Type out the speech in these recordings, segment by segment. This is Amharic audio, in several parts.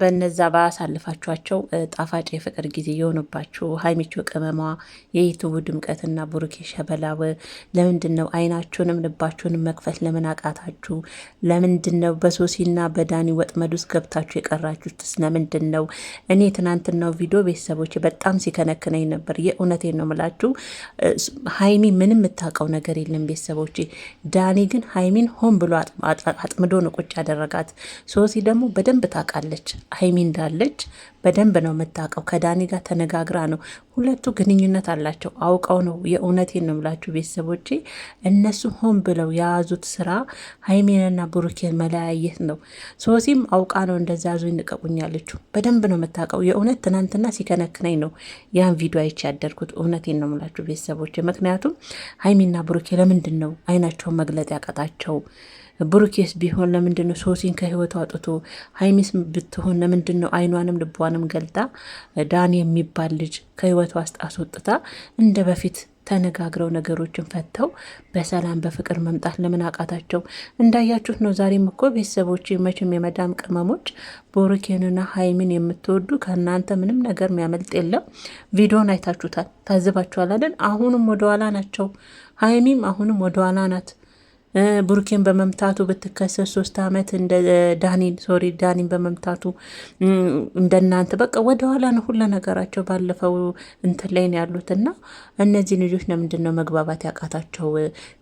በነዛ ባሳልፋችኋቸው ጣፋጭ የፍቅር ጊዜ የሆኑባችሁ ሀይሚቾ ቅመሟ የዩቱቡ ድምቀትና ቡሩኬ ሸበላው ለምንድን ነው አይናችሁንም ልባችሁንም መክፈት ለምን አቃታችሁ? ለምንድን ነው በሶሲና በዳኒ ወጥመድ ውስጥ ገብታችሁ የቀራችሁትስ ለምንድን ነው? እኔ ትናንትናው ቪዲዮ ቤተሰቦች በጣም ሲከነክነኝ ነበር። የእውነቴ ነው ምላችሁ። ሀይሚ ምንም የምታውቀው ነገር የለም ቤተሰቦች። ዳኒ ግን ሀይሚን ሆን ብሎ አጥምዶ ነው ቁጭ ያደረጋት። ሶሲ ደግሞ በደንብ ታውቃለች። ሀይሚ እንዳለች በደንብ ነው የምታውቀው። ከዳኒ ጋር ተነጋግራ ነው። ሁለቱ ግንኙነት አላቸው አውቀው ነው። የእውነቴን ነው የምላችሁ ቤተሰቦቼ፣ እነሱ ሆን ብለው የያዙት ስራ ሀይሜንና ብሩኬን መለያየት ነው። ሶሲም አውቃ ነው እንደዚ ያዙ ይንቀቁኛለችው። በደንብ ነው የምታውቀው። የእውነት ትናንትና ሲከነክነኝ ነው ያን ቪዲዮ አይቼ ያደርኩት። እውነቴን ነው የምላችሁ ቤተሰቦቼ፣ ምክንያቱም ሀይሚና ብሩኬ ለምንድን ነው አይናቸውን መግለጥ ያቀጣቸው? ብሩኬስ ቢሆን ለምንድን ነው ሶሲን ከህይወቱ አውጥቶ ሀይሚስ ብትሆን ለምንድን ነው አይኗንም ልቧንም ገልጣ ዳን የሚባል ልጅ ከህይወቱ አስወጥታ እንደ በፊት ተነጋግረው ነገሮችን ፈተው በሰላም በፍቅር መምጣት ለምን አቃታቸው? እንዳያችሁት ነው። ዛሬም እኮ ቤተሰቦች መቼም የመዳም ቅመሞች ቦሩኬንና ሀይሚን የምትወዱ ከእናንተ ምንም ነገር የሚያመልጥ የለም። ቪዲዮን አይታችሁታል፣ ታዝባችኋል አይደል? አሁንም ወደኋላ ናቸው። ሀይሚም አሁንም ወደኋላ ናት። ቡርኬን በመምታቱ ብትከሰስ ሶስት ዓመት እንደ ዳኒን ሶሪ ዳኒን በመምታቱ እንደናንተ በቃ ወደኋላ ነው ሁሉ ነገራቸው። ባለፈው እንትን ላይ ነው ያሉት እና እነዚህ ልጆች ለምንድን ነው መግባባት ያቃታቸው?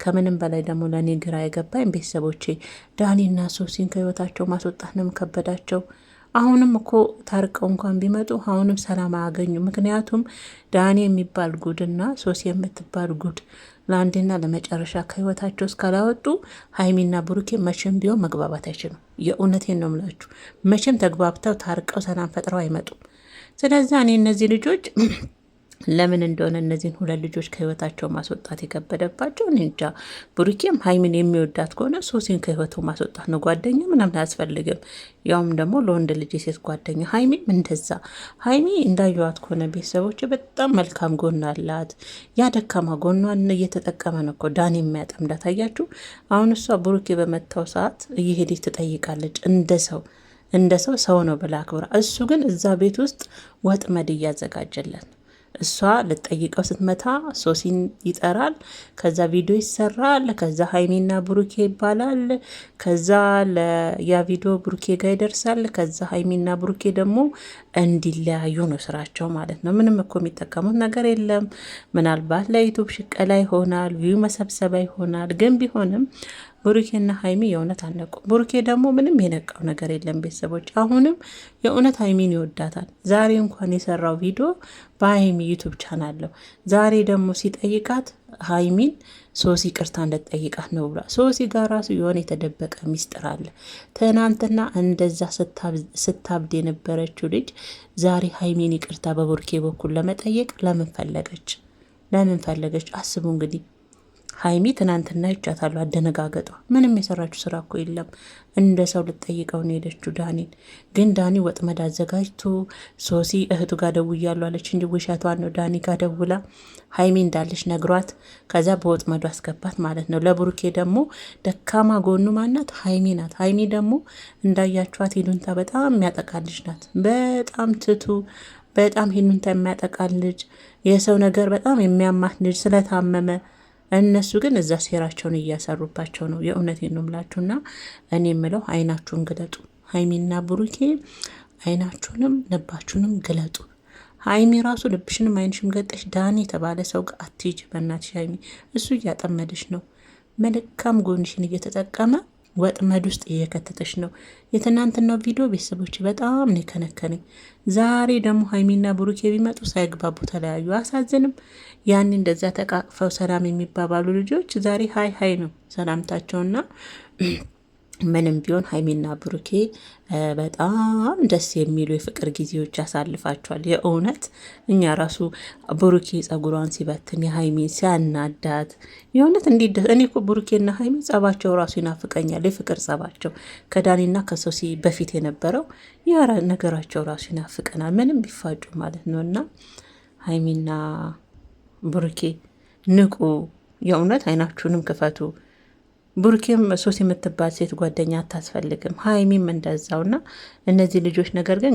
ከምንም በላይ ደግሞ ለእኔ ግራ የገባኝ ቤተሰቦቼ ዳኒና ሶሲን ከህይወታቸው ማስወጣት ነው ከበዳቸው። አሁንም እኮ ታርቀው እንኳን ቢመጡ አሁንም ሰላም አያገኙ። ምክንያቱም ዳኒ የሚባል ጉድና ሶሲ የምትባል ጉድ ለአንድና ለመጨረሻ ከህይወታቸው እስካላወጡ ሀይሚና ብሩኬ መቼም ቢሆን መግባባት አይችሉም። የእውነቴን ነው የምላችሁ። መቼም ተግባብተው ታርቀው ሰላም ፈጥረው አይመጡም። ስለዚህ እኔ እነዚህ ልጆች ለምን እንደሆነ እነዚህን ሁለት ልጆች ከህይወታቸው ማስወጣት የከበደባቸው እንጃ። ብሩኬም ሀይሚን የሚወዳት ከሆነ ሶሲን ከህይወቱ ማስወጣት ነው። ጓደኛ ምናምን አያስፈልግም። ያውም ደግሞ ለወንድ ልጅ የሴት ጓደኛ። ሀይሚም እንደዛ። ሀይሚ እንዳየዋት ከሆነ ቤተሰቦች በጣም መልካም ጎን አላት። ያ ደካማ ጎኗን እየተጠቀመ ነው እኮ ዳን የሚያጠምዳት አያችሁ። አሁን እሷ ብሩኬ በመታው ሰዓት እየሄደች ትጠይቃለች እንደ ሰው እንደ ሰው ሰው ነው ብላ አክብራ፣ እሱ ግን እዛ ቤት ውስጥ ወጥመድ እያዘጋጀለን እሷ ልጠይቀው ስትመታ ሶሲን ይጠራል። ከዛ ቪዲዮ ይሰራል። ከዛ ሀይሚና ብሩኬ ይባላል። ከዛ ለያቪዲዮ ቪዲዮ ብሩኬ ጋር ይደርሳል። ከዛ ሀይሚና ብሩኬ ደግሞ እንዲለያዩ ነው ስራቸው ማለት ነው። ምንም እኮ የሚጠቀሙት ነገር የለም። ምናልባት ለዩቱብ ሽቀላ ይሆናል፣ ቪዩ መሰብሰባ ይሆናል። ግን ቢሆንም ብሩኬና ሀይሚ የእውነት አነቁ። ብሩኬ ደግሞ ምንም የነቃው ነገር የለም። ቤተሰቦች አሁንም የእውነት ሀይሚን ይወዳታል። ዛሬ እንኳን የሰራው ቪዲዮ በሀይሚ ዩቱብ ቻናለው ዛሬ ደግሞ ሲጠይቃት ሀይሚን ሶሲ ቅርታ እንደጠይቃት ነው ብሏል። ሶሲ ጋር ራሱ የሆነ የተደበቀ ሚስጥር አለ። ትናንትና እንደዛ ስታብድ የነበረችው ልጅ ዛሬ ሀይሚን ይቅርታ በብሩኬ በኩል ለመጠየቅ ለምን ፈለገች? ለምን ፈለገች? አስቡ እንግዲህ ሀይሚ ትናንትና ይቻታሉ አደነጋገጧ። ምንም የሰራችው ስራ እኮ የለም። እንደ ሰው ልጠይቀው ነው ሄደችው ዳኒን። ግን ዳኒ ወጥመድ አዘጋጅቶ ሶሲ እህቱ ጋር ደውያለሁ አለች እንጂ ውሸቷን ነው። ዳኒ ጋር ደውላ ሀይሚ እንዳለች ነግሯት፣ ከዛ በወጥመዱ አስገባት ማለት ነው። ለብሩኬ ደግሞ ደካማ ጎኑ ማናት? ሀይሚ ናት። ሀይሚ ደግሞ እንዳያችኋት ሂዱንታ በጣም የሚያጠቃልች ናት። በጣም ትቱ በጣም ሄዱንታ የሚያጠቃልጅ የሰው ነገር በጣም የሚያማት ልጅ ስለታመመ እነሱ ግን እዛ ሴራቸውን እያሰሩባቸው ነው። የእውነቴን ነው እኔ የምለው አይናችሁን ግለጡ። ሀይሚና ብሩኬ አይናችሁንም ልባችሁንም ግለጡ። ሀይሚ ራሱ ልብሽንም አይንሽም ገጠሽ ዳን የተባለ ሰው ጋር አትሂጂ በእናትሽ ሀይሚ። እሱ እያጠመደሽ ነው። መልካም ጎንሽን እየተጠቀመ ወጥመድ ውስጥ እየከተተች ነው። የትናንትናው ቪዲዮ ቤተሰቦች በጣም ነው የከነከነኝ። ዛሬ ደግሞ ሀይሚና ብሩኬ ቢመጡ ሳይግባቡ ተለያዩ። አሳዝንም። ያን እንደዛ ተቃቅፈው ሰላም የሚባባሉ ልጆች ዛሬ ሀይ ሀይ ነው ሰላምታቸውና ምንም ቢሆን ሀይሚና ብሩኬ በጣም ደስ የሚሉ የፍቅር ጊዜዎች ያሳልፋቸዋል። የእውነት እኛ ራሱ ብሩኬ ጸጉሯን ሲበትን የሀይሜ ሲያናዳት የእውነት እንዲደ እኔ እኮ ብሩኬና ሀይሚ ጸባቸው ራሱ ይናፍቀኛል። የፍቅር ጸባቸው ከዳኒና ከሶሲ በፊት የነበረው ያ ነገራቸው ራሱ ይናፍቀናል። ምንም ቢፋጩ ማለት ነው እና ሀይሚና ብሩኬ ንቁ፣ የእውነት አይናችሁንም ክፈቱ። ቡርኬም ሶስት የምትባል ሴት ጓደኛ አታስፈልግም፣ ሀይሚም እንደዛው እና እነዚህ ልጆች ነገር ግን